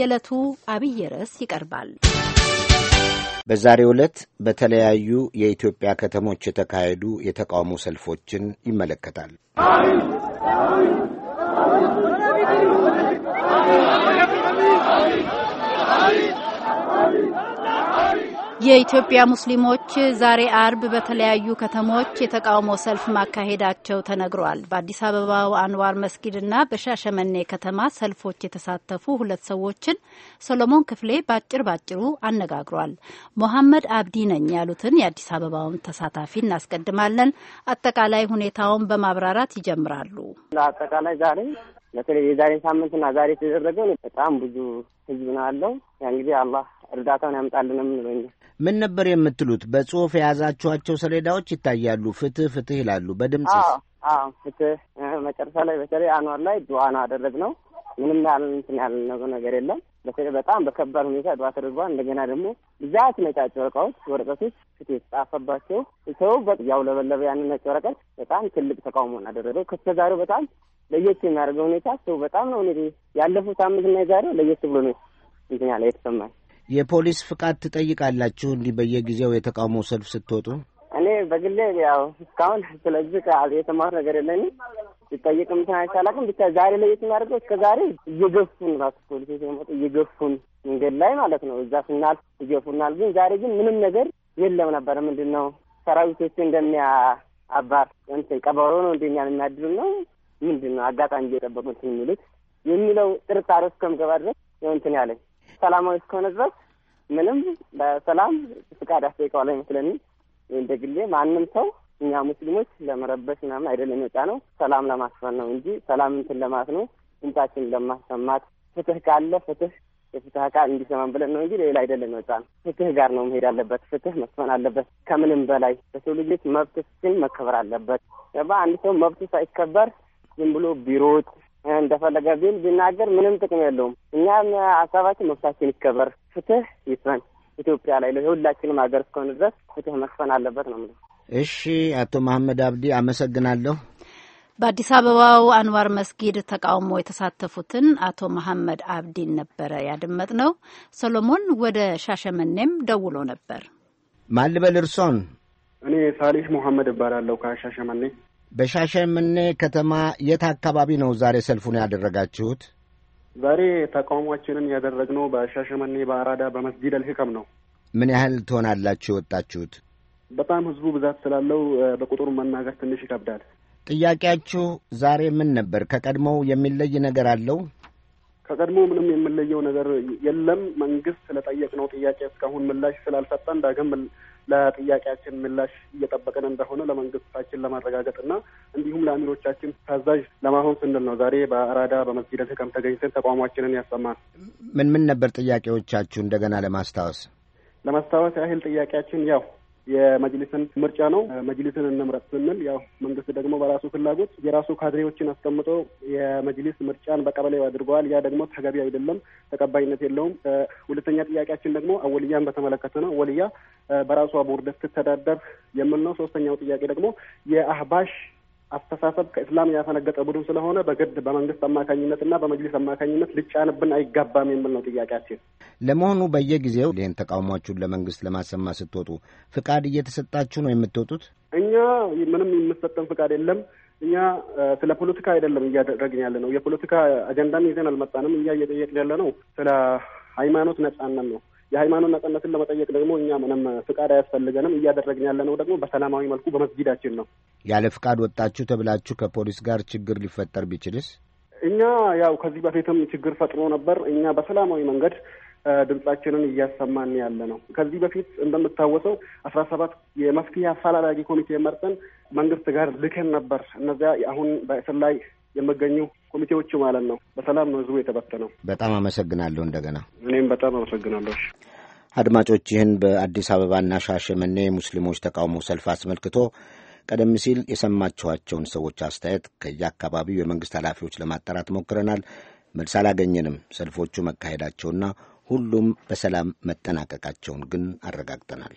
የዕለቱ አብይ ርዕስ ይቀርባል። በዛሬው ዕለት በተለያዩ የኢትዮጵያ ከተሞች የተካሄዱ የተቃውሞ ሰልፎችን ይመለከታል። የኢትዮጵያ ሙስሊሞች ዛሬ አርብ በተለያዩ ከተሞች የተቃውሞ ሰልፍ ማካሄዳቸው ተነግሯል። በአዲስ አበባው አንዋር መስጊድና በሻሸመኔ ከተማ ሰልፎች የተሳተፉ ሁለት ሰዎችን ሰሎሞን ክፍሌ ባጭር ባጭሩ አነጋግሯል። ሞሐመድ አብዲ ነኝ ያሉትን የአዲስ አበባውን ተሳታፊ እናስቀድማለን። አጠቃላይ ሁኔታውን በማብራራት ይጀምራሉ። አጠቃላይ ዛሬ በተለይ የዛሬ ሳምንትና ዛሬ የተደረገው በጣም ብዙ ህዝብ ነው ያለው። ያን ጊዜ አላህ እርዳታውን ያምጣልን የምንለው ምን ነበር የምትሉት? በጽሁፍ የያዛችኋቸው ሰሌዳዎች ይታያሉ። ፍትህ ፍትህ ይላሉ። በድምጽ ፍትህ መጨረሻ ላይ በተለይ አኗር ላይ ድዋና አደረግ ነው ምንም ያህል እንትን ያልነው ነገር የለም። በተለይ በጣም በከባድ ሁኔታ ድዋ ተደርጓል። እንደገና ደግሞ ብዛት ነጫጭ ወረቀቶች ወረቀቶች ፍትህ የተጻፈባቸው ሰው ያውለበለበ ያንን ነጭ ወረቀት በጣም ትልቅ ተቃውሞን አደረገው። ከተዛሬው በጣም ለየት የሚያደርገው ሁኔታ ሰው በጣም ነው ያለፉት ያለፈው ሳምንትና የዛሬው ለየት ብሎ ነው እንትን ያለ የተሰማል የፖሊስ ፍቃድ ትጠይቃላችሁ እንዲህ በየጊዜው የተቃውሞ ሰልፍ ስትወጡ? እኔ በግሌ ያው እስካሁን ስለዚህ ቃል የተማር ነገር የለኝም። ምትን ታይቻላቅም ብቻ ዛሬ ላይ የት የሚያደርገው እስከ ዛሬ እየገፉን ራሱ ፖሊስ ሲመጡ እየገፉን መንገድ ላይ ማለት ነው እዛ ስናል ይገፉናል። ግን ዛሬ ግን ምንም ነገር የለም ነበረ። ምንድን ነው ሰራዊቶች እንደሚያ አባር እንትን ቀበሮ ነው እንደኛ የሚያድሉ ነው ምንድን ነው አጋጣሚ እየጠበቁት የሚሉት የሚለው ጥርጣሬ እስከምገባ ድረስ እንትን ያለኝ ሰላማዊ እስከሆነ ድረስ ምንም በሰላም ፍቃድ አስጠይቀዋል አይመስለንም። እንደ ግሌ ማንም ሰው እኛ ሙስሊሞች ለመረበሽ ምናምን አይደለም የወጣ ነው። ሰላም ለማስፈን ነው እንጂ ሰላም እንትን ለማት ነው። ድምጻችን ለማሰማት ፍትህ ካለ ፍትህ የፍትህ አካል እንዲሰማን ብለን ነው እንጂ ሌላ አይደለም የወጣ ነው። ፍትህ ጋር ነው መሄድ አለበት። ፍትህ መስፈን አለበት። ከምንም በላይ በሰው ልጆች መብት መከበር አለበት። በአንድ ሰው መብቱ ሳይከበር ዝም ብሎ ቢሮጥ እንደፈለገ ቢል ቢናገር ምንም ጥቅም የለውም። እኛም ሀሳባችን መብታችን ይከበር፣ ፍትህ ይስፈን ኢትዮጵያ ላይ የሁላችንም ሀገር እስከሆነ ድረስ ፍትህ መስፈን አለበት ነው እሺ አቶ መሐመድ አብዲ አመሰግናለሁ። በአዲስ አበባው አንዋር መስጊድ ተቃውሞ የተሳተፉትን አቶ መሐመድ አብዲን ነበረ ያደመጥ ነው። ሰሎሞን ወደ ሻሸመኔም ደውሎ ነበር። ማልበል እርሶን? እኔ ሳሌህ መሐመድ እባላለሁ ከሻሸመኔ በሻሸምኔ ከተማ የት አካባቢ ነው ዛሬ ሰልፉን ያደረጋችሁት? ዛሬ ተቃውሟችንን ያደረግነው በሻሸመኔ በአራዳ በመስጂድ አልሕከም ነው። ምን ያህል ትሆናላችሁ የወጣችሁት? በጣም ህዝቡ ብዛት ስላለው በቁጥሩ መናገር ትንሽ ይከብዳል። ጥያቄያችሁ ዛሬ ምን ነበር? ከቀድሞው የሚለይ ነገር አለው? ከቀድሞ ምንም የምለየው ነገር የለም። መንግስት ስለጠየቅነው ጥያቄ እስካሁን ምላሽ ስላልሰጠን ዳግም ለጥያቄያችን ምላሽ እየጠበቅን እንደሆነ ለመንግስታችን ለማረጋገጥና እንዲሁም ለአሚሮቻችን ታዛዥ ለማሆን ስንል ነው ዛሬ በአራዳ በመስጊደ ሕክም ተገኝተን ተቋማችንን ያሰማን። ምን ምን ነበር ጥያቄዎቻችሁ? እንደገና ለማስታወስ ለማስታወስ ያህል ጥያቄያችን ያው የመጅሊስን ምርጫ ነው። መጅሊስን እንምረጥ ስንል ያው መንግስት ደግሞ በራሱ ፍላጎት የራሱ ካድሬዎችን አስቀምጦ የመጅሊስ ምርጫን በቀበሌው አድርገዋል። ያ ደግሞ ተገቢ አይደለም፣ ተቀባይነት የለውም። ሁለተኛ ጥያቄያችን ደግሞ አወልያን በተመለከተ ነው። አወልያ በራሷ ቦርድ ስትተዳደር የምል ነው። ሶስተኛው ጥያቄ ደግሞ የአህባሽ አስተሳሰብ ከእስላም ያፈነገጠ ቡድን ስለሆነ በግድ በመንግስት አማካኝነትና በመጅሊስ አማካኝነት ሊጫንብን አይገባም የሚል ነው ጥያቄያችን። ለመሆኑ በየጊዜው ይህን ተቃውሟችሁን ለመንግስት ለማሰማ ስትወጡ ፍቃድ እየተሰጣችሁ ነው የምትወጡት? እኛ ምንም የምሰጠን ፍቃድ የለም። እኛ ስለ ፖለቲካ አይደለም እያደረግን ያለ ነው። የፖለቲካ አጀንዳም ይዘን አልመጣንም። እኛ እየጠየቅን ያለ ነው ስለ ሃይማኖት ነጻነት ነው። የሃይማኖት ነጻነትን ለመጠየቅ ደግሞ እኛ ምንም ፍቃድ አያስፈልገንም። እያደረግን ያለነው ደግሞ በሰላማዊ መልኩ በመስጊዳችን ነው። ያለ ፍቃድ ወጣችሁ ተብላችሁ ከፖሊስ ጋር ችግር ሊፈጠር ቢችልስ? እኛ ያው ከዚህ በፊትም ችግር ፈጥሮ ነበር። እኛ በሰላማዊ መንገድ ድምጻችንን እያሰማን ያለ ነው። ከዚህ በፊት እንደምታወሰው አስራ ሰባት የመፍትሄ አፈላላጊ ኮሚቴ መርጠን መንግስት ጋር ልከን ነበር። እነዚያ አሁን በእስር ላይ የሚገኙ ኮሚቴዎቹ ማለት ነው። በሰላም ነው ህዝቡ የተበተነው። በጣም አመሰግናለሁ። እንደገና እኔም በጣም አመሰግናለሁ። አድማጮች ይህን በአዲስ አበባና ሻሸመኔ ሙስሊሞች ተቃውሞ ሰልፍ አስመልክቶ ቀደም ሲል የሰማችኋቸውን ሰዎች አስተያየት ከየአካባቢው የመንግሥት ኃላፊዎች ለማጣራት ሞክረናል። መልስ አላገኘንም። ሰልፎቹ መካሄዳቸውና ሁሉም በሰላም መጠናቀቃቸውን ግን አረጋግጠናል።